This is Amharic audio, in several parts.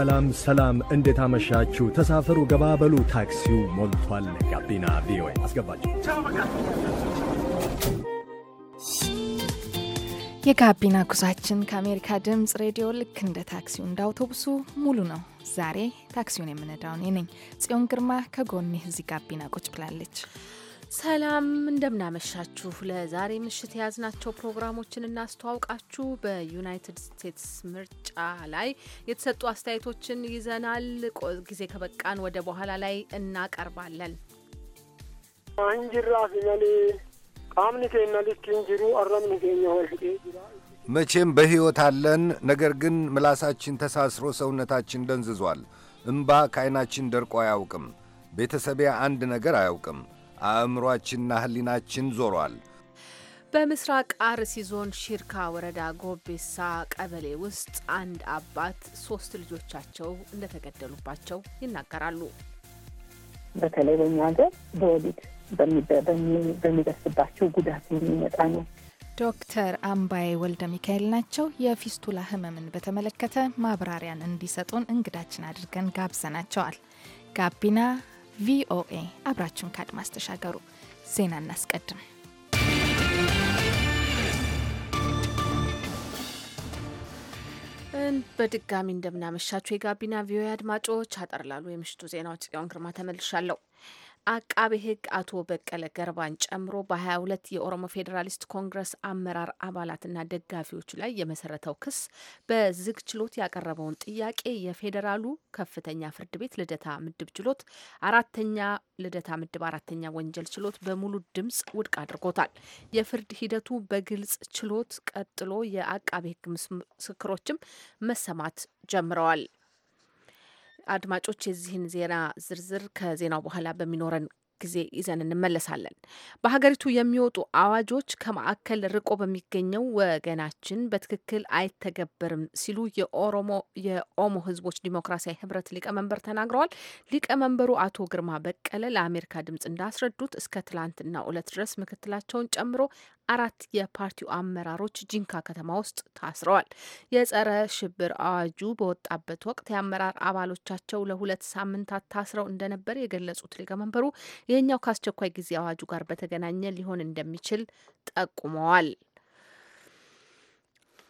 ሰላም ሰላም፣ እንዴት አመሻችሁ? ተሳፈሩ፣ ገባበሉ፣ ታክሲው ሞልቷል። ጋቢና ቪኦኤ አስገባችሁ። የጋቢና ጉዟችን ከአሜሪካ ድምፅ ሬዲዮ ልክ እንደ ታክሲው እንደ አውቶቡሱ ሙሉ ነው። ዛሬ ታክሲውን የምነዳውን ነኝ ጽዮን ግርማ፣ ከጎኔ እዚህ ጋቢና ቁጭ ብላለች። ሰላም እንደምናመሻችሁ። ለዛሬ ምሽት የያዝናቸው ፕሮግራሞችን እናስተዋውቃችሁ። በዩናይትድ ስቴትስ ምርጫ ላይ የተሰጡ አስተያየቶችን ይዘናል። ጊዜ ከበቃን ወደ በኋላ ላይ እናቀርባለን። መቼም በሕይወት አለን። ነገር ግን ምላሳችን ተሳስሮ ሰውነታችን ደንዝዟል። እምባ ከአይናችን ደርቆ አያውቅም። ቤተሰቢያ አንድ ነገር አያውቅም። አእምሯችንና ህሊናችን ዞሯል። በምስራቅ አርሲ ዞን ሺርካ ወረዳ ጎቤሳ ቀበሌ ውስጥ አንድ አባት ሶስት ልጆቻቸው እንደተገደሉባቸው ይናገራሉ። በተለይ በእኛ ሀገር በወሊድ በሚደርስባቸው ጉዳት የሚመጣ ነው። ዶክተር አምባዬ ወልደ ሚካኤል ናቸው። የፊስቱላ ህመምን በተመለከተ ማብራሪያን እንዲሰጡን እንግዳችን አድርገን ጋብዘናቸዋል። ጋቢና ቪኦኤ አብራችሁን ከአድማስ ተሻገሩ። ዜና እናስቀድም። በድጋሚ እንደምናመሻችሁ የጋቢና ቪኦኤ አድማጮች፣ አጠር ላሉ የምሽቱ ዜናዎች ጽዮን ግርማ ተመልሻለሁ። አቃቤ ሕግ አቶ በቀለ ገርባን ጨምሮ በ22 የኦሮሞ ፌዴራሊስት ኮንግረስ አመራር አባላትና ደጋፊዎች ላይ የመሰረተው ክስ በዝግ ችሎት ያቀረበውን ጥያቄ የፌዴራሉ ከፍተኛ ፍርድ ቤት ልደታ ምድብ ችሎት አራተኛ ልደታ ምድብ አራተኛ ወንጀል ችሎት በሙሉ ድምጽ ውድቅ አድርጎታል። የፍርድ ሂደቱ በግልጽ ችሎት ቀጥሎ የአቃቤ ሕግ ምስክሮችም መሰማት ጀምረዋል። አድማጮች የዚህን ዜና ዝርዝር ከዜናው በኋላ በሚኖረን ጊዜ ይዘን እንመለሳለን። በሀገሪቱ የሚወጡ አዋጆች ከማዕከል ርቆ በሚገኘው ወገናችን በትክክል አይተገበርም ሲሉ የኦሮሞ የኦሞ ህዝቦች ዲሞክራሲያዊ ህብረት ሊቀመንበር ተናግረዋል። ሊቀመንበሩ አቶ ግርማ በቀለ ለአሜሪካ ድምጽ እንዳስረዱት እስከ ትላንትና ዕለት ድረስ ምክትላቸውን ጨምሮ አራት የፓርቲው አመራሮች ጂንካ ከተማ ውስጥ ታስረዋል። የጸረ ሽብር አዋጁ በወጣበት ወቅት የአመራር አባሎቻቸው ለሁለት ሳምንታት ታስረው እንደነበር የገለጹት ሊቀመንበሩ ይህኛው ከአስቸኳይ ጊዜ አዋጁ ጋር በተገናኘ ሊሆን እንደሚችል ጠቁመዋል።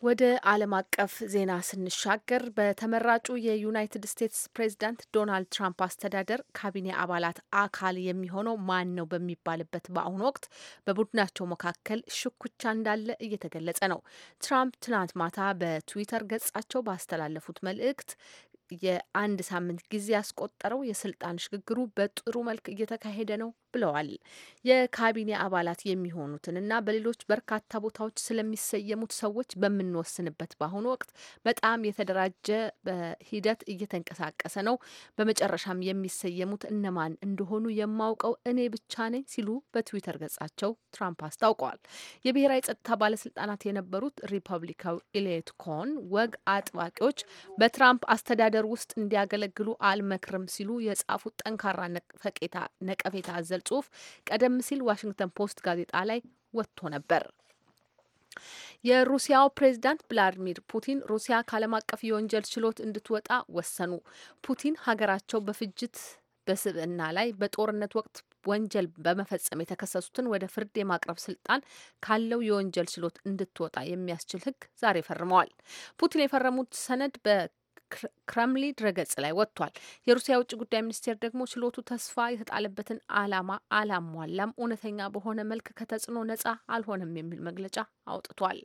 ወደ ዓለም አቀፍ ዜና ስንሻገር በተመራጩ የዩናይትድ ስቴትስ ፕሬዚዳንት ዶናልድ ትራምፕ አስተዳደር ካቢኔ አባላት አካል የሚሆነው ማን ነው በሚባልበት በአሁኑ ወቅት በቡድናቸው መካከል ሽኩቻ እንዳለ እየተገለጸ ነው። ትራምፕ ትናንት ማታ በትዊተር ገጻቸው ባስተላለፉት መልእክት የአንድ ሳምንት ጊዜ ያስቆጠረው የስልጣን ሽግግሩ በጥሩ መልክ እየተካሄደ ነው ብለዋል። የካቢኔ አባላት የሚሆኑትንና በሌሎች በርካታ ቦታዎች ስለሚሰየሙት ሰዎች በምንወስንበት በአሁኑ ወቅት በጣም የተደራጀ በሂደት እየተንቀሳቀሰ ነው። በመጨረሻም የሚሰየሙት እነማን እንደሆኑ የማውቀው እኔ ብቻ ነኝ ሲሉ በትዊተር ገጻቸው ትራምፕ አስታውቀዋል። የብሔራዊ ጸጥታ ባለስልጣናት የነበሩት ሪፐብሊካዊ ኢሌት ኮን ወግ አጥባቂዎች በትራምፕ አስተዳደር ውስጥ እንዲያገለግሉ አልመክርም ሲሉ የጻፉት ጠንካራ ነቀፌታ አዘል የሚል ጽሁፍ ቀደም ሲል ዋሽንግተን ፖስት ጋዜጣ ላይ ወጥቶ ነበር። የሩሲያው ፕሬዝዳንት ቭላዲሚር ፑቲን ሩሲያ ከዓለም አቀፍ የወንጀል ችሎት እንድትወጣ ወሰኑ። ፑቲን ሀገራቸው በፍጅት በስብዕና ላይ በጦርነት ወቅት ወንጀል በመፈጸም የተከሰሱትን ወደ ፍርድ የማቅረብ ስልጣን ካለው የወንጀል ችሎት እንድትወጣ የሚያስችል ህግ ዛሬ ፈርመዋል። ፑቲን የፈረሙት ሰነድ ክረምሊ ድረገጽ ላይ ወጥቷል። የሩሲያ ውጭ ጉዳይ ሚኒስቴር ደግሞ ችሎቱ ተስፋ የተጣለበትን ዓላማ አላሟላም፣ እውነተኛ በሆነ መልክ ከተጽዕኖ ነጻ አልሆነም የሚል መግለጫ አውጥቷል።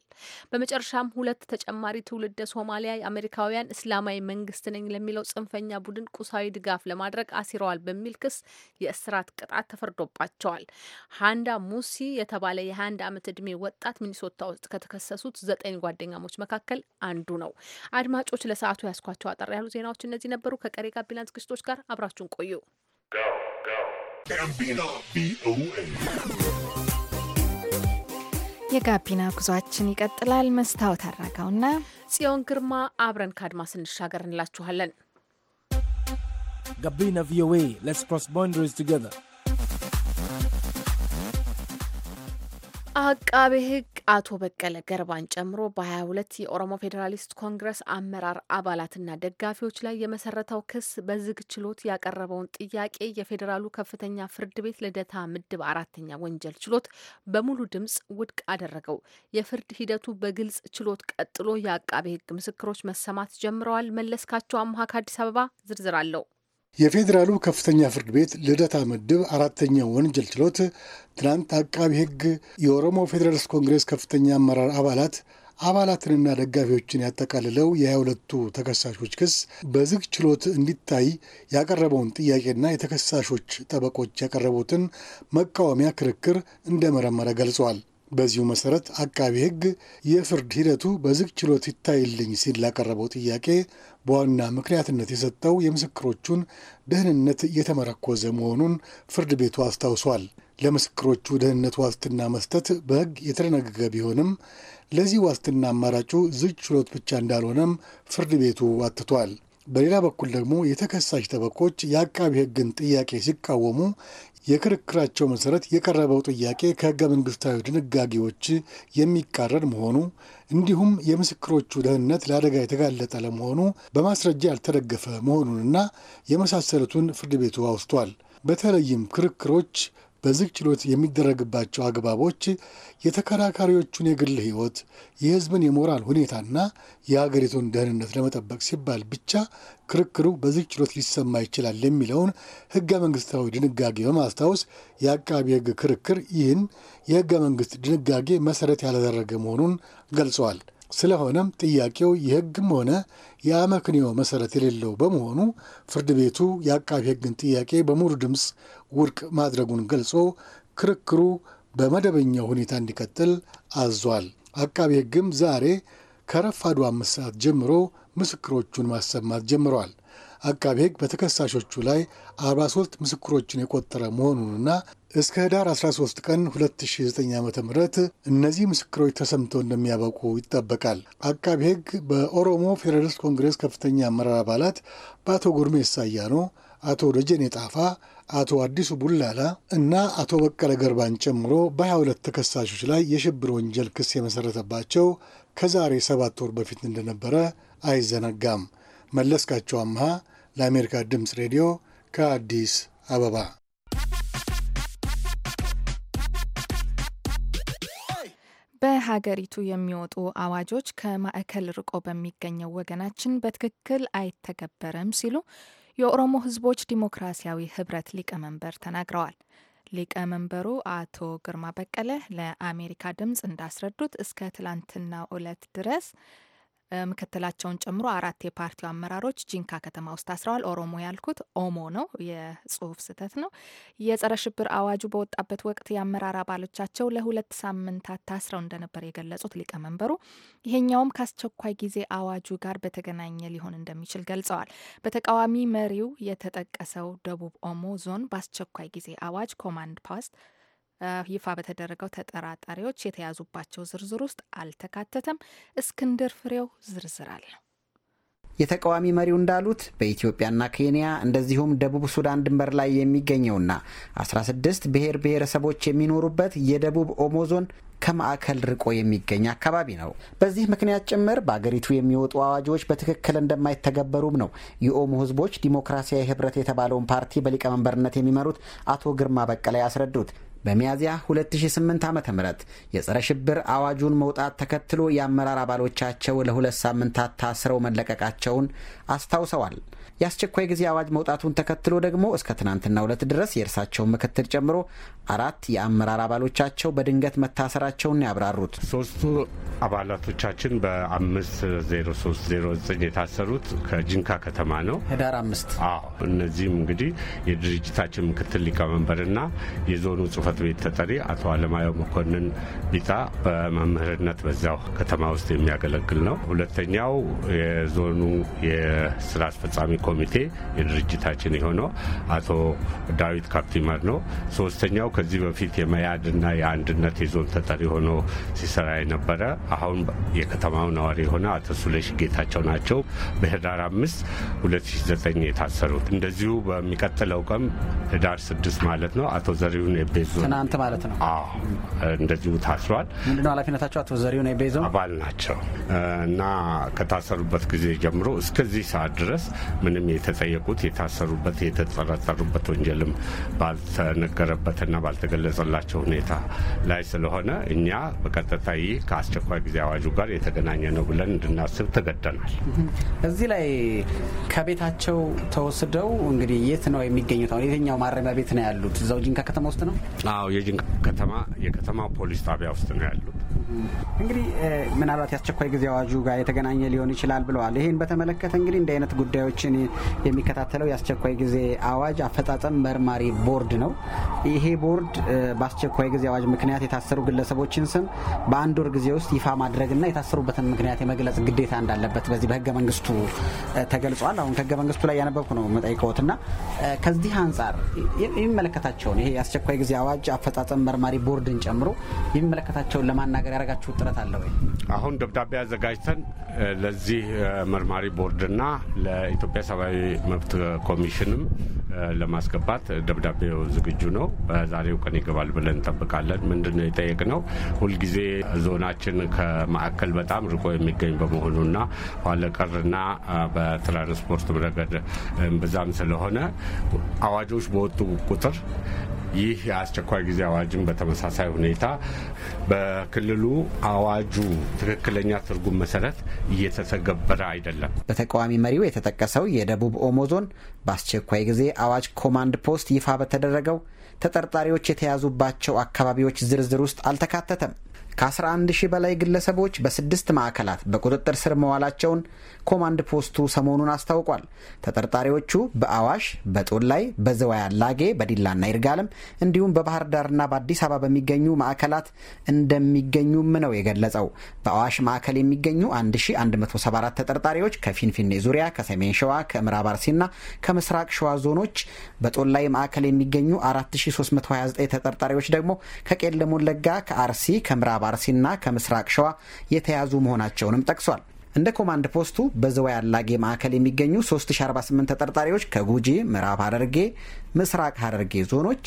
በመጨረሻም ሁለት ተጨማሪ ትውልደ ሶማሊያ የአሜሪካውያን እስላማዊ መንግስት ነኝ ለሚለው ጽንፈኛ ቡድን ቁሳዊ ድጋፍ ለማድረግ አሲረዋል በሚል ክስ የእስራት ቅጣት ተፈርዶባቸዋል። ሃንዳ ሙሲ የተባለ የ21 ዓመት ዕድሜ ወጣት ሚኒሶታ ውስጥ ከተከሰሱት ዘጠኝ ጓደኛሞች መካከል አንዱ ነው። አድማጮች ለሰዓቱ ያስኳቸው አጠር ያሉ ዜናዎች እነዚህ ነበሩ። ከቀሪ ጋቢና ዝግጅቶች ጋር አብራችሁን ቆዩ። የጋቢና ጉዟችን ይቀጥላል። መስታወት አራጋውና ጽዮን ግርማ አብረን ከአድማስ እንሻገር እንላችኋለን። ጋቢና ቪኦኤ ሌትስ ፕሮስ ቦንደሪስ ቱገር አቃቤ ሕግ አቶ በቀለ ገርባን ጨምሮ በ22 የኦሮሞ ፌዴራሊስት ኮንግረስ አመራር አባላትና ደጋፊዎች ላይ የመሰረተው ክስ በዝግ ችሎት ያቀረበውን ጥያቄ የፌዴራሉ ከፍተኛ ፍርድ ቤት ልደታ ምድብ አራተኛ ወንጀል ችሎት በሙሉ ድምፅ ውድቅ አደረገው። የፍርድ ሂደቱ በግልጽ ችሎት ቀጥሎ የአቃቤ ሕግ ምስክሮች መሰማት ጀምረዋል። መለስካቸው አምሃ ከአዲስ አበባ ዝርዝር አለው። የፌዴራሉ ከፍተኛ ፍርድ ቤት ልደታ ምድብ አራተኛው ወንጀል ችሎት ትናንት አቃቢ ሕግ የኦሮሞ ፌዴራልስ ኮንግሬስ ከፍተኛ አመራር አባላት አባላትንና ደጋፊዎችን ያጠቃልለው የሃያ ሁለቱ ተከሳሾች ክስ በዝግ ችሎት እንዲታይ ያቀረበውን ጥያቄና የተከሳሾች ጠበቆች ያቀረቡትን መቃወሚያ ክርክር እንደመረመረ ገልጿል። በዚሁ መሰረት አቃቢ ሕግ የፍርድ ሂደቱ በዝግ ችሎት ይታይልኝ ሲል ላቀረበው ጥያቄ በዋና ምክንያትነት የሰጠው የምስክሮቹን ደህንነት እየተመረኮዘ መሆኑን ፍርድ ቤቱ አስታውሷል። ለምስክሮቹ ደህንነት ዋስትና መስጠት በሕግ የተደነገገ ቢሆንም ለዚህ ዋስትና አማራጩ ዝግ ችሎት ብቻ እንዳልሆነም ፍርድ ቤቱ አትቷል። በሌላ በኩል ደግሞ የተከሳሽ ጠበቆች የአቃቢ ሕግን ጥያቄ ሲቃወሙ የክርክራቸው መሰረት የቀረበው ጥያቄ ከህገ መንግስታዊ ድንጋጌዎች የሚቃረን መሆኑ እንዲሁም የምስክሮቹ ደህንነት ለአደጋ የተጋለጠ ለመሆኑ በማስረጃ ያልተደገፈ መሆኑንና የመሳሰሉትን ፍርድ ቤቱ አውስቷል። በተለይም ክርክሮች በዝግ ችሎት የሚደረግባቸው አግባቦች የተከራካሪዎቹን የግል ሕይወት፣ የሕዝብን የሞራል ሁኔታና የሀገሪቱን ደህንነት ለመጠበቅ ሲባል ብቻ ክርክሩ በዝግ ችሎት ሊሰማ ይችላል የሚለውን ሕገ መንግሥታዊ ድንጋጌ በማስታወስ የአቃቢ ሕግ ክርክር ይህን የሕገ መንግሥት ድንጋጌ መሠረት ያላደረገ መሆኑን ገልጸዋል። ስለሆነም ጥያቄው የህግም ሆነ የአመክንዮ መሰረት የሌለው በመሆኑ ፍርድ ቤቱ የአቃቢ ሕግን ጥያቄ በሙሉ ድምፅ ውድቅ ማድረጉን ገልጾ ክርክሩ በመደበኛው ሁኔታ እንዲቀጥል አዟል። አቃቢ ህግም ዛሬ ከረፋዱ አምስት ሰዓት ጀምሮ ምስክሮቹን ማሰማት ጀምረዋል። አቃቢ ሕግ በተከሳሾቹ ላይ 43 ምስክሮችን የቆጠረ መሆኑንና እስከ ህዳር 13 ቀን 2009 ዓ ም እነዚህ ምስክሮች ተሰምተው እንደሚያበቁ ይጠበቃል። አቃቢ ህግ በኦሮሞ ፌዴራሊስት ኮንግሬስ ከፍተኛ አመራር አባላት በአቶ ጉርሜሳ አያኖ፣ አቶ ደጀኔ ጣፋ፣ አቶ አዲሱ ቡላላ እና አቶ በቀለ ገርባን ጨምሮ በ22 ተከሳሾች ላይ የሽብር ወንጀል ክስ የመሰረተባቸው ከዛሬ ሰባት ወር በፊት እንደነበረ አይዘነጋም። መለስካቸው አምሃ ለአሜሪካ ድምፅ ሬዲዮ ከአዲስ አበባ በሀገሪቱ የሚወጡ አዋጆች ከማዕከል ርቆ በሚገኘው ወገናችን በትክክል አይተገበርም ሲሉ የኦሮሞ ህዝቦች ዲሞክራሲያዊ ህብረት ሊቀመንበር ተናግረዋል። ሊቀመንበሩ አቶ ግርማ በቀለ ለአሜሪካ ድምፅ እንዳስረዱት እስከ ትላንትና ዕለት ድረስ ምክትላቸውን ጨምሮ አራት የፓርቲው አመራሮች ጂንካ ከተማ ውስጥ ታስረዋል። ኦሮሞ ያልኩት ኦሞ ነው፣ የጽሁፍ ስህተት ነው። የጸረ ሽብር አዋጁ በወጣበት ወቅት የአመራር አባሎቻቸው ለሁለት ሳምንታት ታስረው እንደነበር የገለጹት ሊቀመንበሩ ይሄኛውም ከአስቸኳይ ጊዜ አዋጁ ጋር በተገናኘ ሊሆን እንደሚችል ገልጸዋል። በተቃዋሚ መሪው የተጠቀሰው ደቡብ ኦሞ ዞን በአስቸኳይ ጊዜ አዋጅ ኮማንድ ፖስት ይፋ በተደረገው ተጠራጣሪዎች የተያዙባቸው ዝርዝር ውስጥ አልተካተተም። እስክንድር ፍሬው ዝርዝር አለው። የተቃዋሚ መሪው እንዳሉት በኢትዮጵያና ኬንያ እንደዚሁም ደቡብ ሱዳን ድንበር ላይ የሚገኘውና 16 ብሔር ብሔረሰቦች የሚኖሩበት የደቡብ ኦሞ ዞን ከማዕከል ርቆ የሚገኝ አካባቢ ነው። በዚህ ምክንያት ጭምር በአገሪቱ የሚወጡ አዋጆች በትክክል እንደማይተገበሩም ነው የኦሞ ሕዝቦች ዲሞክራሲያዊ ህብረት የተባለውን ፓርቲ በሊቀመንበርነት የሚመሩት አቶ ግርማ በቀለ ያስረዱት። በሚያዝያ 2008 ዓ ም የጸረ ሽብር አዋጁን መውጣት ተከትሎ የአመራር አባሎቻቸው ለሁለት ሳምንታት ታስረው መለቀቃቸውን አስታውሰዋል። የአስቸኳይ ጊዜ አዋጅ መውጣቱን ተከትሎ ደግሞ እስከ ትናንትና ሁለት ድረስ የእርሳቸውን ምክትል ጨምሮ አራት የአመራር አባሎቻቸው በድንገት መታሰራቸውን ያብራሩት ሶስቱ አባላቶቻችን በ ዜሮ የታሰሩት ከጅንካ ከተማ ነው ህዳር አምስት። እነዚህም እንግዲህ የድርጅታችን ምክትል ሊቀመንበርና የዞኑ ጽህፈት ጽህፈት ቤት ተጠሪ አቶ አለማየሁ መኮንን ቢጣ በመምህርነት በዚያው ከተማ ውስጥ የሚያገለግል ነው። ሁለተኛው የዞኑ የስራ አስፈጻሚ ኮሚቴ የድርጅታችን የሆነው አቶ ዳዊት ካፕቲመር ነው። ሶስተኛው ከዚህ በፊት የመያድና የአንድነት የዞን ተጠሪ ሆኖ ሲሰራ የነበረ አሁን የከተማው ነዋሪ የሆነ አቶ ሱለሽ ጌታቸው ናቸው። በህዳር አምስት 2009 የታሰሩት እንደዚሁ በሚቀጥለው ቀን ህዳር ስድስት ማለት ነው አቶ ዘሪሁን የቤዙ ትናንት ማለት ነው እንደዚሁ ታስሯል። ምንድነው ኃላፊነታቸው? አቶ ዘሪሁን የቤዘው አባል ናቸው እና ከታሰሩበት ጊዜ ጀምሮ እስከዚህ ሰዓት ድረስ ምንም የተጠየቁት የታሰሩበት የተጠረጠሩበት ወንጀልም ባልተነገረበትና ባልተገለጸላቸው ሁኔታ ላይ ስለሆነ እኛ በቀጥታ ይህ ከአስቸኳይ ጊዜ አዋጁ ጋር የተገናኘ ነው ብለን እንድናስብ ተገደናል። እዚህ ላይ ከቤታቸው ተወስደው እንግዲህ የት ነው የሚገኙት? አሁን የትኛው ማረሚያ ቤት ነው ያሉት? እዛው ጂንካ ከተማ ውስጥ ነው አዎ የጅንካ ከተማ የከተማ ፖሊስ ጣቢያ ውስጥ ነው ያሉ እንግዲህ ምናልባት የአስቸኳይ ጊዜ አዋጁ ጋር የተገናኘ ሊሆን ይችላል ብለዋል። ይህን በተመለከተ እንግዲህ እንዲህ አይነት ጉዳዮችን የሚከታተለው የአስቸኳይ ጊዜ አዋጅ አፈጻጸም መርማሪ ቦርድ ነው። ይሄ ቦርድ በአስቸኳይ ጊዜ አዋጅ ምክንያት የታሰሩ ግለሰቦችን ስም በአንድ ወር ጊዜ ውስጥ ይፋ ማድረግና የታሰሩበትን ምክንያት የመግለጽ ግዴታ እንዳለበት በዚህ በህገ መንግስቱ ተገልጿል። አሁን ከህገ መንግስቱ ላይ ያነበብኩ ነው መጠይቀዎትና ከዚህ አንጻር የሚመለከታቸውን ይሄ የአስቸኳይ ጊዜ አዋጅ አፈጻጸም መርማሪ ቦርድን ጨምሮ የሚመለከታቸውን ለማና ለማናገር ያደረጋችሁ ጥረት አለ ወይ? አሁን ደብዳቤ አዘጋጅተን ለዚህ መርማሪ ቦርድና ለኢትዮጵያ ሰብአዊ መብት ኮሚሽንም ለማስገባት ደብዳቤው ዝግጁ ነው። በዛሬው ቀን ይገባል ብለን እንጠብቃለን። ምንድን ነው የጠየቅነው? ሁልጊዜ ዞናችን ከማዕከል በጣም ርቆ የሚገኝ በመሆኑና ኋላ በትራንስፖርት ረገድ ብዛም ስለሆነ አዋጆች በወጡ ቁጥር ይህ የአስቸኳይ ጊዜ አዋጅን በተመሳሳይ ሁኔታ በክልሉ አዋጁ ትክክለኛ ትርጉም መሰረት እየተተገበረ አይደለም። በተቃዋሚ መሪው የተጠቀሰው የደቡብ ኦሞ ዞን በአስቸኳይ ጊዜ አዋጅ ኮማንድ ፖስት ይፋ በተደረገው ተጠርጣሪዎች የተያዙባቸው አካባቢዎች ዝርዝር ውስጥ አልተካተተም። ከ11 ሺህ በላይ ግለሰቦች በስድስት ማዕከላት በቁጥጥር ስር መዋላቸውን ኮማንድ ፖስቱ ሰሞኑን አስታውቋል። ተጠርጣሪዎቹ በአዋሽ፣ ላይ፣ በዘዋይ አላጌ፣ በዲላና ይርጋለም እንዲሁም በባህር ዳርና በአዲስ አበባ በሚገኙ ማዕከላት እንደሚገኙም ነው የገለጸው። በአዋሽ ማዕከል የሚገኙ 1174 ተጠርጣሪዎች ከፊንፊኔ ዙሪያ፣ ከሰሜን ሸዋ፣ ከምዕራብ አርሲና ከምስራቅ ሸዋ ዞኖች፣ ላይ ማዕከል የሚገኙ 4329 ተጠርጣሪዎች ደግሞ ከቄለም ወለጋ፣ ከአርሲ፣ ከምዕራብ አርሲና ከምስራቅ ሸዋ የተያዙ መሆናቸውንም ጠቅሷል። እንደ ኮማንድ ፖስቱ በዝዋይ አላጌ ማዕከል የሚገኙ 3048 ተጠርጣሪዎች ከጉጂ፣ ምዕራብ ሐረርጌ፣ ምስራቅ ሐረርጌ ዞኖች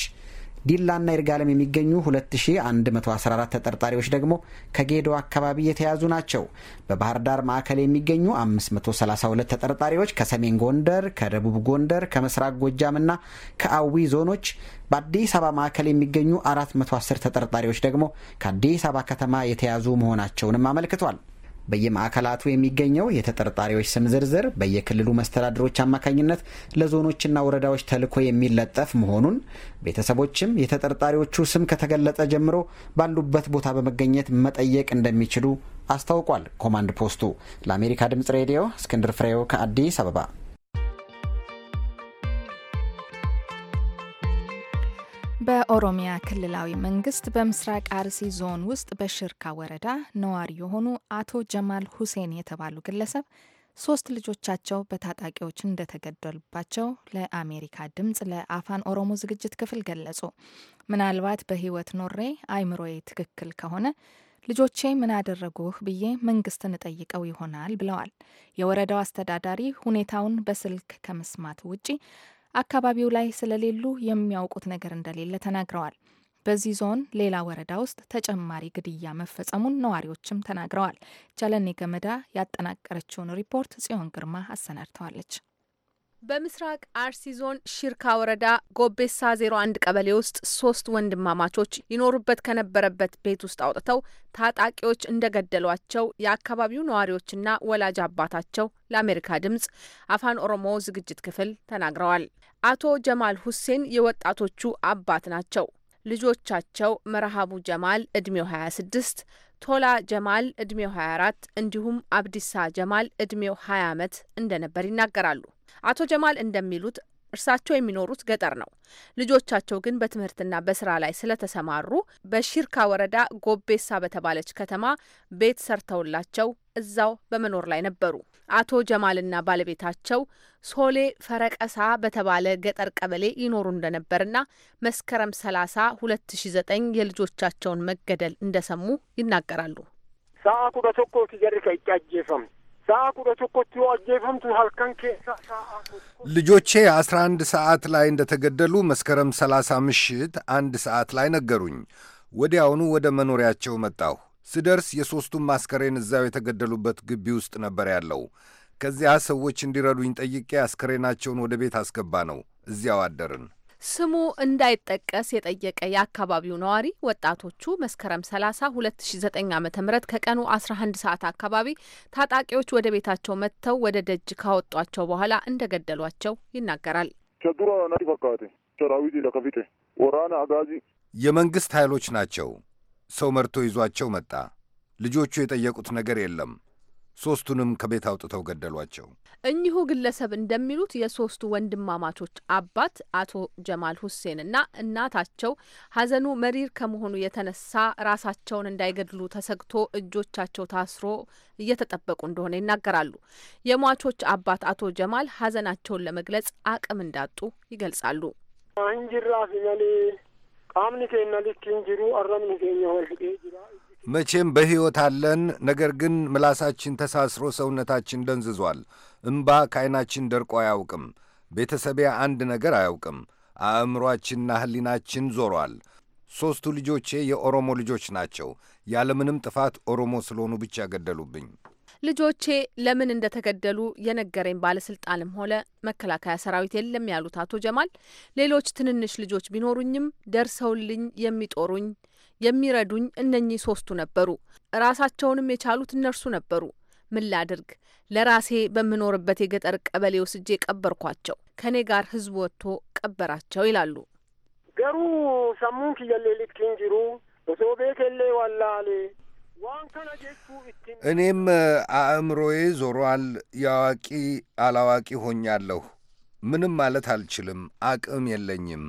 ዲላና ይርጋለም የሚገኙ 2114 ተጠርጣሪዎች ደግሞ ከጌዶ አካባቢ የተያዙ ናቸው። በባህር ዳር ማዕከል የሚገኙ 532 ተጠርጣሪዎች ከሰሜን ጎንደር፣ ከደቡብ ጎንደር፣ ከምስራቅ ጎጃምና ከአዊ ዞኖች በአዲስ አበባ ማዕከል የሚገኙ 410 ተጠርጣሪዎች ደግሞ ከአዲስ አበባ ከተማ የተያዙ መሆናቸውንም አመልክቷል። በየማዕከላቱ የሚገኘው የተጠርጣሪዎች ስም ዝርዝር በየክልሉ መስተዳድሮች አማካኝነት ለዞኖችና ወረዳዎች ተልኮ የሚለጠፍ መሆኑን ቤተሰቦችም የተጠርጣሪዎቹ ስም ከተገለጸ ጀምሮ ባሉበት ቦታ በመገኘት መጠየቅ እንደሚችሉ አስታውቋል። ኮማንድ ፖስቱ ለአሜሪካ ድምጽ ሬዲዮ እስክንድር ፍሬው ከአዲስ አበባ በኦሮሚያ ክልላዊ መንግስት በምስራቅ አርሲ ዞን ውስጥ በሽርካ ወረዳ ነዋሪ የሆኑ አቶ ጀማል ሁሴን የተባሉ ግለሰብ ሶስት ልጆቻቸው በታጣቂዎች እንደተገደሉባቸው ለአሜሪካ ድምፅ ለአፋን ኦሮሞ ዝግጅት ክፍል ገለጹ። ምናልባት በህይወት ኖሬ አይምሮዬ ትክክል ከሆነ ልጆቼ ምን አደረጉህ ብዬ መንግስትን እጠይቀው ይሆናል ብለዋል። የወረዳው አስተዳዳሪ ሁኔታውን በስልክ ከመስማት ውጪ አካባቢው ላይ ስለሌሉ የሚያውቁት ነገር እንደሌለ ተናግረዋል። በዚህ ዞን ሌላ ወረዳ ውስጥ ተጨማሪ ግድያ መፈጸሙን ነዋሪዎችም ተናግረዋል። ጀለኔ ገመዳ ያጠናቀረችውን ሪፖርት ጽዮን ግርማ አሰናድተዋለች። በምስራቅ አርሲ ዞን ሺርካ ወረዳ ጎቤሳ ዜሮ አንድ ቀበሌ ውስጥ ሶስት ወንድማማቾች ይኖሩበት ከነበረበት ቤት ውስጥ አውጥተው ታጣቂዎች እንደገደሏቸው የአካባቢው ነዋሪዎችና ወላጅ አባታቸው ለአሜሪካ ድምጽ አፋን ኦሮሞ ዝግጅት ክፍል ተናግረዋል። አቶ ጀማል ሁሴን የወጣቶቹ አባት ናቸው። ልጆቻቸው መርሃቡ ጀማል እድሜው 26 ቶላ ጀማል እድሜው 24 እንዲሁም አብዲሳ ጀማል እድሜው 20 ዓመት እንደነበር ይናገራሉ። አቶ ጀማል እንደሚሉት እርሳቸው የሚኖሩት ገጠር ነው። ልጆቻቸው ግን በትምህርትና በስራ ላይ ስለተሰማሩ በሺርካ ወረዳ ጎቤሳ በተባለች ከተማ ቤት ሰርተውላቸው እዛው በመኖር ላይ ነበሩ። አቶ ጀማልና ባለቤታቸው ሶሌ ፈረቀሳ በተባለ ገጠር ቀበሌ ይኖሩ እንደነበርና መስከረም 30 2009 የልጆቻቸውን መገደል እንደሰሙ ይናገራሉ። ሰአቱ በቶኮ ሲጀርከ ይጫጄፈም ልጆቼ አስራ አንድ ሰዓት ላይ እንደተገደሉ መስከረም ሰላሳ ምሽት አንድ ሰዓት ላይ ነገሩኝ። ወዲያውኑ ወደ መኖሪያቸው መጣሁ። ስደርስ የሦስቱም አስከሬን እዚያው የተገደሉበት ግቢ ውስጥ ነበር ያለው። ከዚያ ሰዎች እንዲረዱኝ ጠይቄ አስከሬናቸውን ወደ ቤት አስገባ ነው። እዚያው አደርን። ስሙ እንዳይጠቀስ የጠየቀ የአካባቢው ነዋሪ ወጣቶቹ መስከረም 30 2009 ዓ ም ከቀኑ 11 ሰዓት አካባቢ ታጣቂዎች ወደ ቤታቸው መጥተው ወደ ደጅ ካወጧቸው በኋላ እንደገደሏቸው ይናገራል። የመንግስት ኃይሎች ናቸው። ሰው መርቶ ይዟቸው መጣ። ልጆቹ የጠየቁት ነገር የለም። ሦስቱንም ከቤት አውጥተው ገደሏቸው። እኚሁ ግለሰብ እንደሚሉት የሶስቱ ወንድማማቾች አባት አቶ ጀማል ሁሴን እናታቸው ሐዘኑ መሪር ከመሆኑ የተነሳ ራሳቸውን እንዳይገድሉ ተሰግቶ እጆቻቸው ታስሮ እየተጠበቁ እንደሆነ ይናገራሉ። የሟቾች አባት አቶ ጀማል ሐዘናቸውን ለመግለጽ አቅም እንዳጡ ይገልጻሉ። እንጅራ ፊነሌ ቃምኒ ልክ እንጅሩ አረምኒ ኬኛ ወልፍጤ መቼም በሕይወት አለን። ነገር ግን ምላሳችን ተሳስሮ ሰውነታችን ደንዝዟል። እምባ ከዐይናችን ደርቆ አያውቅም። ቤተሰቤ አንድ ነገር አያውቅም። አእምሮአችንና ሕሊናችን ዞሯል። ሦስቱ ልጆቼ የኦሮሞ ልጆች ናቸው። ያለምንም ጥፋት ኦሮሞ ስለሆኑ ብቻ ገደሉብኝ። ልጆቼ ለምን እንደተገደሉ የነገረኝ ባለስልጣንም ሆነ መከላከያ ሰራዊት የለም ያሉት አቶ ጀማል ሌሎች ትንንሽ ልጆች ቢኖሩኝም ደርሰውልኝ የሚጦሩኝ የሚረዱኝ እነኚህ ሶስቱ ነበሩ። ራሳቸውንም የቻሉት እነርሱ ነበሩ። ምን ላድርግ? ለራሴ በምኖርበት የገጠር ቀበሌ ወስጄ ቀበርኳቸው። ከእኔ ጋር ህዝብ ወጥቶ ቀበራቸው ይላሉ። ገሩ ሰሙን ክየሌሊት ኪንጅሩ በሶቤ ኬሌ ዋላሌ እኔም አእምሮዬ ዞሯል። የአዋቂ አላዋቂ ሆኛለሁ። ምንም ማለት አልችልም። አቅም የለኝም።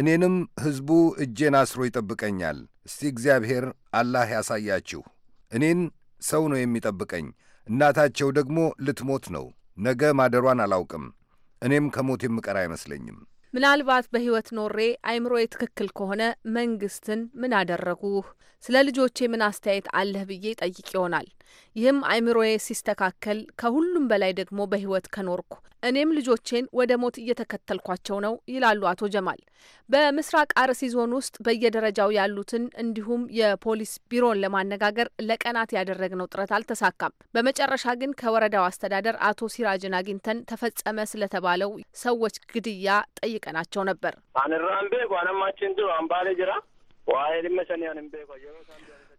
እኔንም ሕዝቡ እጄን አስሮ ይጠብቀኛል። እስቲ እግዚአብሔር አላህ ያሳያችሁ። እኔን ሰው ነው የሚጠብቀኝ፣ እናታቸው ደግሞ ልትሞት ነው። ነገ ማደሯን አላውቅም። እኔም ከሞት የምቀር አይመስለኝም። ምናልባት በሕይወት ኖሬ አይምሮዬ ትክክል ከሆነ መንግስትን ምን አደረጉህ፣ ስለ ልጆቼ ምን አስተያየት አለህ ብዬ ጠይቅ ይሆናል። ይህም አእምሮዬ ሲስተካከል ከሁሉም በላይ ደግሞ በህይወት ከኖርኩ እኔም ልጆቼን ወደ ሞት እየተከተልኳቸው ነው ይላሉ አቶ ጀማል። በምስራቅ አርሲ ዞን ውስጥ በየደረጃው ያሉትን እንዲሁም የፖሊስ ቢሮን ለማነጋገር ለቀናት ያደረግነው ጥረት አልተሳካም። በመጨረሻ ግን ከወረዳው አስተዳደር አቶ ሲራጅን አግኝተን ተፈጸመ ስለተባለው ሰዎች ግድያ ጠይቀናቸው ነበር።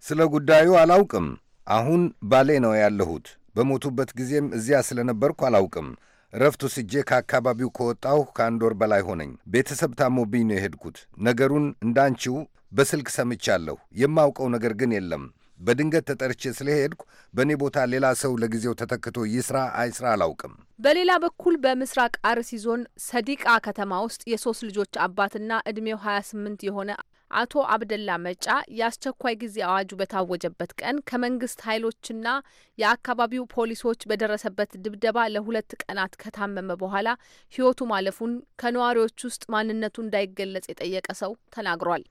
ስለ ጉዳዩ አላውቅም አሁን ባሌ ነው ያለሁት። በሞቱበት ጊዜም እዚያ ስለነበርኩ አላውቅም። እረፍት ወስጄ ከአካባቢው ከወጣሁ ከአንድ ወር በላይ ሆነኝ። ቤተሰብ ታሞብኝ ነው የሄድኩት። ነገሩን እንዳንቺው በስልክ ሰምቻለሁ። የማውቀው ነገር ግን የለም። በድንገት ተጠርቼ ስለሄድኩ በእኔ ቦታ ሌላ ሰው ለጊዜው ተተክቶ ይስራ አይስራ አላውቅም። በሌላ በኩል በምስራቅ አርሲ ዞን ሰዲቃ ከተማ ውስጥ የሶስት ልጆች አባትና ዕድሜው 28 የሆነ አቶ አብደላ መጫ የአስቸኳይ ጊዜ አዋጁ በታወጀበት ቀን ከመንግስት ኃይሎችና የአካባቢው ፖሊሶች በደረሰበት ድብደባ ለሁለት ቀናት ከታመመ በኋላ ህይወቱ ማለፉን ከነዋሪዎች ውስጥ ማንነቱ እንዳይገለጽ የጠየቀ ሰው ተናግሯል።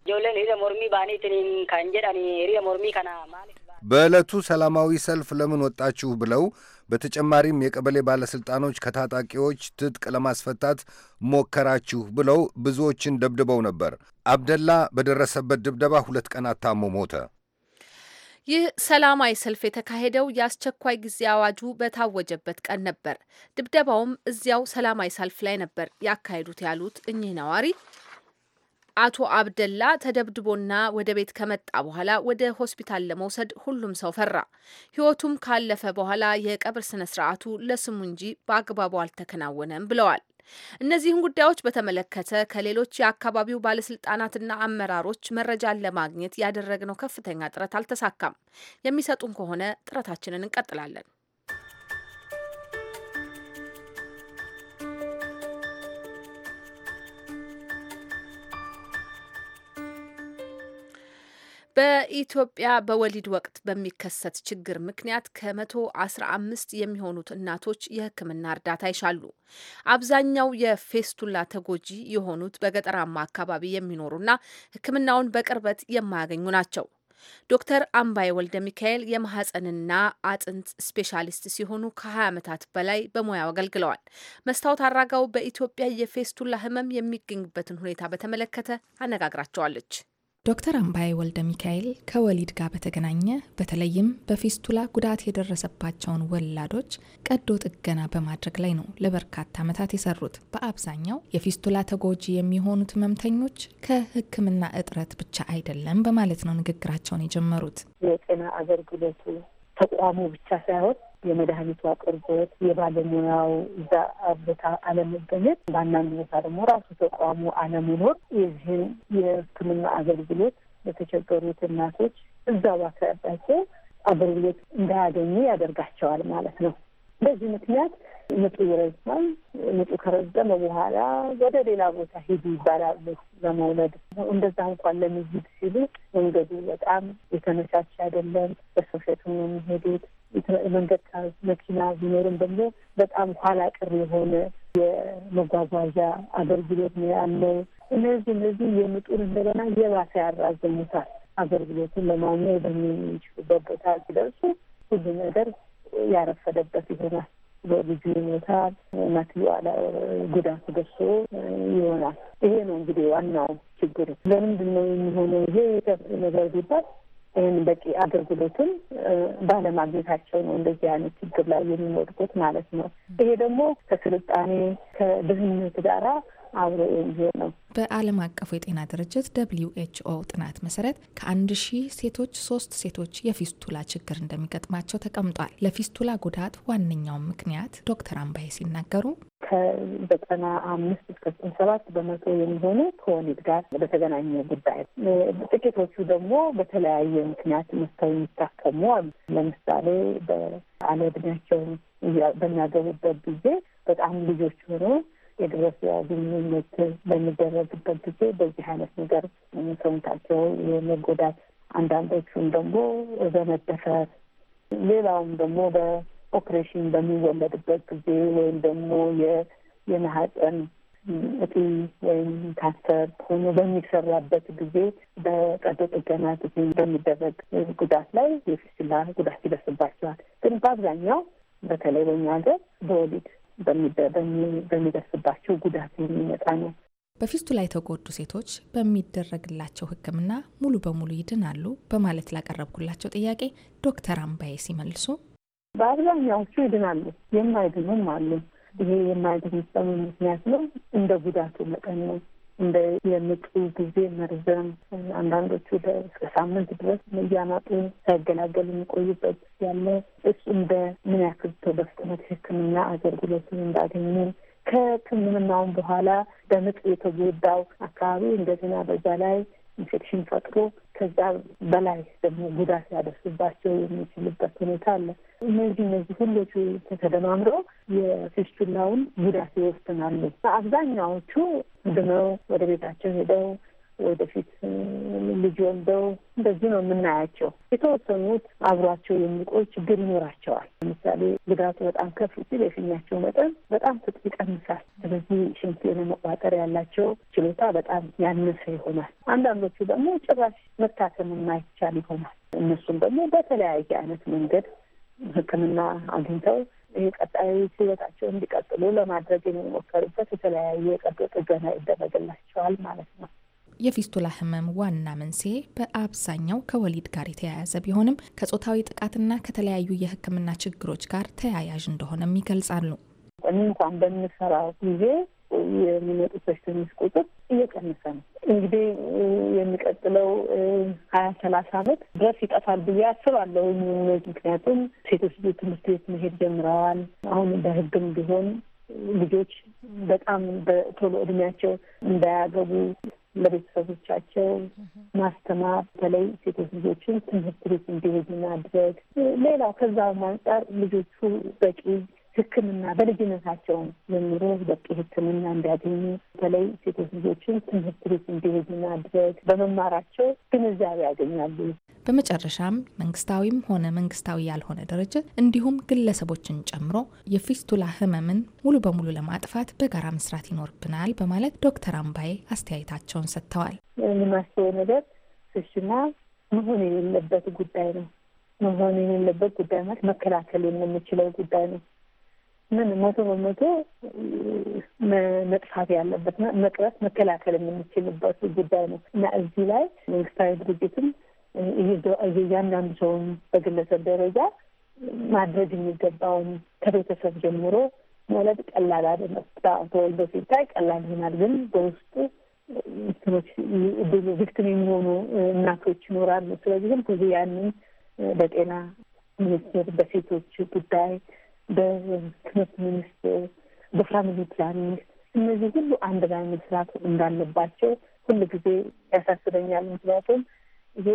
በዕለቱ ሰላማዊ ሰልፍ ለምን ወጣችሁ ብለው በተጨማሪም የቀበሌ ባለሥልጣኖች ከታጣቂዎች ትጥቅ ለማስፈታት ሞከራችሁ ብለው ብዙዎችን ደብድበው ነበር። አብደላ በደረሰበት ድብደባ ሁለት ቀናት ታሞ ሞተ። ይህ ሰላማዊ ሰልፍ የተካሄደው የአስቸኳይ ጊዜ አዋጁ በታወጀበት ቀን ነበር። ድብደባውም እዚያው ሰላማዊ ሰልፍ ላይ ነበር ያካሄዱት ያሉት እኚህ ነዋሪ አቶ አብደላ ተደብድቦና ወደ ቤት ከመጣ በኋላ ወደ ሆስፒታል ለመውሰድ ሁሉም ሰው ፈራ። ሕይወቱም ካለፈ በኋላ የቀብር ስነ ስርዓቱ ለስሙ እንጂ በአግባቡ አልተከናወነም ብለዋል። እነዚህን ጉዳዮች በተመለከተ ከሌሎች የአካባቢው ባለስልጣናትና አመራሮች መረጃን ለማግኘት ያደረግነው ከፍተኛ ጥረት አልተሳካም። የሚሰጡን ከሆነ ጥረታችንን እንቀጥላለን። በኢትዮጵያ በወሊድ ወቅት በሚከሰት ችግር ምክንያት ከመቶ አስራ አምስት የሚሆኑት እናቶች የሕክምና እርዳታ ይሻሉ። አብዛኛው የፌስቱላ ተጎጂ የሆኑት በገጠራማ አካባቢ የሚኖሩና ሕክምናውን በቅርበት የማያገኙ ናቸው። ዶክተር አምባይ ወልደ ሚካኤል የማህፀንና አጥንት ስፔሻሊስት ሲሆኑ ከ20 ዓመታት በላይ በሙያው አገልግለዋል። መስታወት አራጋው በኢትዮጵያ የፌስቱላ ህመም የሚገኝበትን ሁኔታ በተመለከተ አነጋግራቸዋለች። ዶክተር አምባዬ ወልደ ሚካኤል ከወሊድ ጋር በተገናኘ በተለይም በፊስቱላ ጉዳት የደረሰባቸውን ወላዶች ቀዶ ጥገና በማድረግ ላይ ነው ለበርካታ ዓመታት የሰሩት። በአብዛኛው የፊስቱላ ተጎጂ የሚሆኑት ህመምተኞች ከህክምና እጥረት ብቻ አይደለም በማለት ነው ንግግራቸውን የጀመሩት። የጤና አገልግሎቱ ተቋሙ ብቻ ሳይሆን የመድኃኒቱ አቅርቦት፣ የባለሙያው እዛ ቦታ አለመገኘት፣ በአንዳንድ ቦታ ደግሞ ራሱ ተቋሙ አለመኖር የዚህን የሕክምና አገልግሎት ለተቸገሩት እናቶች እዛ ባካባቢያቸው አገልግሎት እንዳያገኙ ያደርጋቸዋል ማለት ነው። በዚህ ምክንያት ምጡ ይረዝማል። ምጡ ከረዘመ በኋላ ወደ ሌላ ቦታ ሂዱ ይባላሉ ለመውለድ። እንደዛ እንኳን ለሚሄድ ሲሉ መንገዱ በጣም የተመቻቸ አይደለም። በሰው ሸቱ ነው የሚሄዱት። መንገድ መኪና ቢኖርም ደግሞ በጣም ኋላ ቅር የሆነ የመጓጓዣ አገልግሎት ነው ያለው። እነዚህ እነዚህ የምጡን እንደገና የባሰ ያራዘሙታል። አገልግሎቱን ለማግኘት በሚችሉበት ቦታ ሲደርሱ ሁሉ ነገር ያረፈደበት ይሆናል። በልጁ ይሞታል፣ እናትየዋ ዋላ ጉዳት ደርሶ ይሆናል። ይሄ ነው እንግዲህ ዋናው ችግሩ። ለምንድን ነው የሚሆነው ይሄ ነገር ቢባል ይህን በቂ አገልግሎትን ባለማግኘታቸው ነው እንደዚህ አይነት ችግር ላይ የሚወድቁት ማለት ነው። ይሄ ደግሞ ከስልጣኔ ከድህነት ጋራ አብሮ ይሄ ነው። በዓለም አቀፉ የጤና ድርጅት ደብሊው ኤች ኦ ጥናት መሰረት ከአንድ ሺህ ሴቶች ሶስት ሴቶች የፊስቱላ ችግር እንደሚገጥማቸው ተቀምጧል። ለፊስቱላ ጉዳት ዋነኛውን ምክንያት ዶክተር አምባይ ሲናገሩ ከዘጠና አምስት እስከ ዘጠና ሰባት በመቶ የሚሆኑ ከወሊድ ጋር በተገናኘ ጉዳይ፣ ጥቂቶቹ ደግሞ በተለያየ ምክንያት መስተው የሚታከሙ አሉ። ለምሳሌ በአለ በሚያገቡበት ጊዜ በጣም ልጆች ሆነው የግብረ ስጋ ግንኙነት በሚደረግበት ጊዜ በዚህ አይነት ነገር ሰውነታቸው የመጎዳት አንዳንዶቹም ደግሞ በመደፈር ሌላውም ደግሞ በኦፕሬሽን በሚወለድበት ጊዜ ወይም ደግሞ የማህፀን እጢ ወይም ካንሰር ሆኖ በሚሰራበት ጊዜ በቀዶ ጥገና ጊዜ በሚደረግ ጉዳት ላይ የፊስቱላ ጉዳት ይደርስባቸዋል። ግን በአብዛኛው በተለይ በኛ ሀገር በወሊድ በሚደርስባቸው ጉዳት የሚመጣ ነው። ላይ የተጎዱ ሴቶች በሚደረግላቸው ሕክምና ሙሉ በሙሉ ይድናሉ በማለት ላቀረብኩላቸው ጥያቄ ዶክተር አምባዬ ሲመልሱ በአብዛኛዎቹ ይድናሉ፣ የማይድኑም አሉ። ይሄ የማይድኑ ምክንያት ነው፣ እንደ ጉዳቱ መጠን ነው። እንደ የምጡ ጊዜ መርዘም፣ አንዳንዶቹ እስከ ሳምንት ድረስ እያናጡ ሳይገላገሉ የሚቆዩበት ያለ እሱ እንደ ምን ያክል በፍጥነት ሕክምና አገልግሎትን እንዳገኙ ከሕክምናውም በኋላ በምጥ የተጎዳው አካባቢ እንደገና በዛ ላይ ኢንፌክሽን ፈጥሮ ከዛ በላይ ደግሞ ጉዳት ያደርስባቸው የሚችልበት ሁኔታ አለ። እነዚህ እነዚህ ሁሎቹ ተደማምረው የፊስቱላውን ጉዳት ይወስናሉ። አብዛኛዎቹ ድነው ወደ ቤታቸው ሄደው ወደፊት ልጅ ወልደው እንደዚህ ነው የምናያቸው። የተወሰኑት አብሯቸው የሚቆይ ችግር ይኖራቸዋል። ለምሳሌ ጉዳቱ በጣም ከፍ ሲል የፊኛቸው መጠን በጣም ፍጥ ይቀንሳል። ስለዚህ ሽንት ለመቋጠር ያላቸው ችሎታ በጣም ያነሰ ይሆናል። አንዳንዶቹ ደግሞ ጭራሽ መታከም የማይቻል ይሆናል። እነሱም ደግሞ በተለያየ አይነት መንገድ ሕክምና አግኝተው ይህ ቀጣይ ህይወታቸው እንዲቀጥሉ ለማድረግ የሚሞከሩበት የተለያየ ቀዶ ጥገና ይደረግላቸዋል ማለት ነው። የፊስቱላ ህመም ዋና መንስኤ በአብዛኛው ከወሊድ ጋር የተያያዘ ቢሆንም ከጾታዊ ጥቃትና ከተለያዩ የህክምና ችግሮች ጋር ተያያዥ እንደሆነም ይገልጻሉ። እኔ እንኳን በምሰራ ጊዜ የሚመጡ ቁጥር እየቀነሰ ነው። እንግዲህ የሚቀጥለው ሀያ ሰላሳ አመት ድረስ ይጠፋል ብዬ አስባለሁ። ምክንያቱም ሴቶች ትምህርት ቤት መሄድ ጀምረዋል። አሁን በህግም ቢሆን ልጆች በጣም በቶሎ እድሜያቸው እንዳያገቡ ለቤተሰቦቻቸው ማስተማር በተለይ ሴቶች ልጆችን ትምህርት ቤት እንዲሄዱ ማድረግ። ሌላ ከዛም አንጻር ልጆቹ በቂ ሕክምና በልጅነታቸውም ጀምሮ በቂ ሕክምና እንዲያገኙ በተለይ ሴቶች ልጆችን ትምህርት ቤት እንዲሄዱ ማድረግ በመማራቸው ግንዛቤ ያገኛሉ። በመጨረሻም መንግስታዊም ሆነ መንግስታዊ ያልሆነ ድርጅት እንዲሁም ግለሰቦችን ጨምሮ የፊስቱላ ህመምን ሙሉ በሙሉ ለማጥፋት በጋራ መስራት ይኖርብናል በማለት ዶክተር አምባዬ አስተያየታቸውን ሰጥተዋል። የማስበው ነገር ፍሽና መሆን የሌለበት ጉዳይ ነው። መሆን የሌለበት ጉዳይ ማለት መከላከል የምንችለው ጉዳይ ነው። ምን መቶ በመቶ መጥፋት ያለበት መቅረት መከላከል የምንችልበት ጉዳይ ነው እና እዚህ ላይ መንግስታዊ ድርጅትም እያንዳንዱ ሰውን በግለሰብ ደረጃ ማድረግ የሚገባውን ከቤተሰብ ጀምሮ መውለድ ቀላል አይደለም። ተወልዶ ሲታይ ቀላል ይሆናል፣ ግን በውስጡ ቪክቲም የሚሆኑ እናቶች ይኖራሉ። ስለዚህም ብዙ ያንን በጤና ሚኒስቴር በሴቶች ጉዳይ በትምህርት ሚኒስቴር፣ በፋሚሊ ፕላኒንግ እነዚህ ሁሉ አንድ ላይ መስራት እንዳለባቸው ሁል ጊዜ ያሳስበኛል። ምክንያቱም ይሄ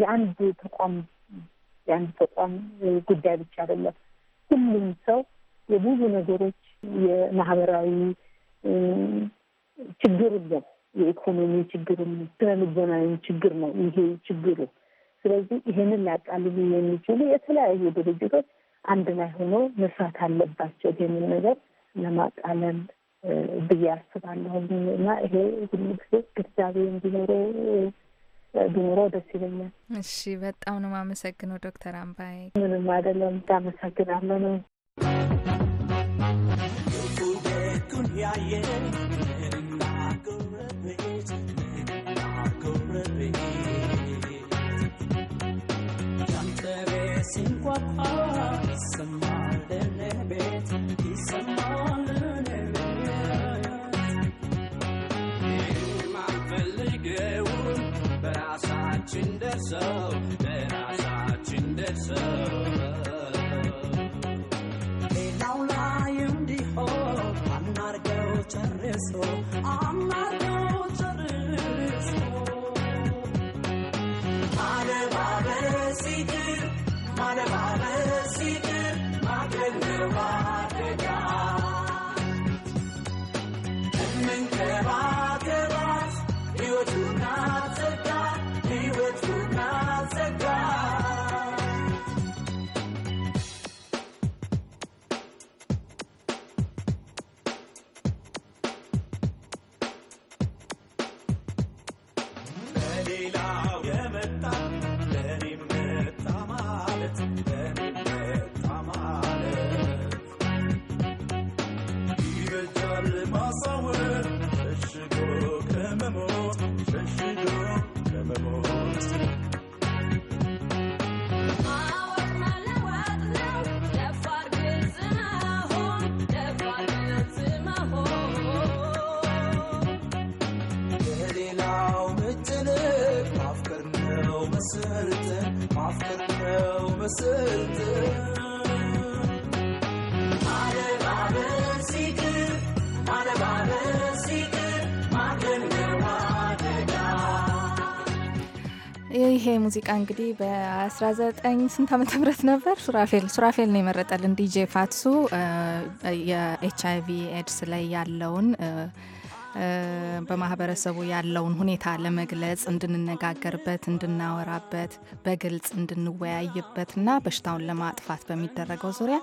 የአንድ ተቋም የአንድ ተቋም ጉዳይ ብቻ አይደለም። ሁሉም ሰው የብዙ ነገሮች የማህበራዊ ችግር ነው፣ የኢኮኖሚ ችግር ነው፣ ችግር ነው ይሄ ችግሩ። ስለዚህ ይሄንን ሊያቃልሉ የሚችሉ የተለያዩ ድርጅቶች አንድ ላይ ሆኖ መስራት አለባቸው የሚል ነገር ለማቃለም ብዬ አስባለሁ እና ይሄ ሁሉ ጊዜ ግንዛቤ እንዲኖረ ቢኖረው ደስ ይለኛል። እሺ፣ በጣም ነው የማመሰግነው ዶክተር አምባዬ። ምንም አይደለም፣ ታመሰግናለሁ ነው What some ይሄ ሙዚቃ እንግዲህ በ19 ስንት ዓመተ ምህረት ነበር? ሱራፌል ሱራፌል ነው የመረጠልን ዲጄ ፋትሱ የኤች አይ ቪ ኤድስ ላይ ያለውን በማህበረሰቡ ያለውን ሁኔታ ለመግለጽ እንድንነጋገርበት፣ እንድናወራበት፣ በግልጽ እንድንወያይበት እና በሽታውን ለማጥፋት በሚደረገው ዙሪያ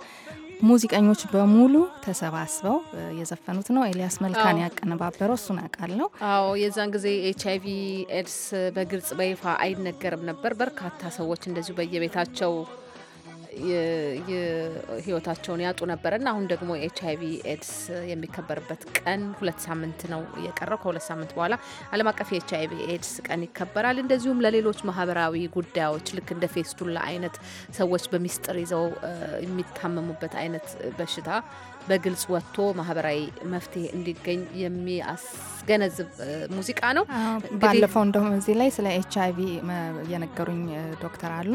ሙዚቀኞች በሙሉ ተሰባስበው የዘፈኑት ነው። ኤልያስ መልካን ያቀነባበረው እሱን አውቃለሁ። አዎ የዛን ጊዜ ኤች አይቪ ኤድስ በግልጽ በይፋ አይነገርም ነበር። በርካታ ሰዎች እንደዚሁ በየቤታቸው ህይወታቸውን ያጡ ነበረ እና አሁን ደግሞ ኤች ቪ ኤድስ የሚከበርበት ቀን ሁለት ሳምንት ነው የቀረው። ከሁለት ሳምንት በኋላ ዓለም አቀፍ የኤች አይቪ ኤድስ ቀን ይከበራል። እንደዚሁም ለሌሎች ማህበራዊ ጉዳዮች ልክ እንደ ፌስቱላ አይነት ሰዎች በሚስጥር ይዘው የሚታመሙበት አይነት በሽታ በግልጽ ወጥቶ ማህበራዊ መፍትሄ እንዲገኝ የሚያስገነዝብ ሙዚቃ ነው። ባለፈው እንደሁም እዚህ ላይ ስለ ኤች አይቪ የነገሩኝ ዶክተር አሉ።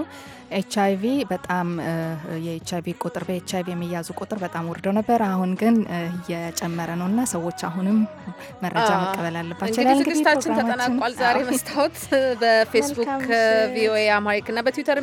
ኤች አይቪ በጣም የኤች አይቪ ቁጥር በኤች አይቪ የሚያዙ ቁጥር በጣም ወርዶ ነበር። አሁን ግን እየጨመረ ነው እና ሰዎች አሁንም መረጃ መቀበል አለባቸው። እንግዲህ ዝግጅታችን ተጠናቋል። ዛሬ መስታወት በፌስቡክ ቪኦኤ አማሪክ እና በትዊተር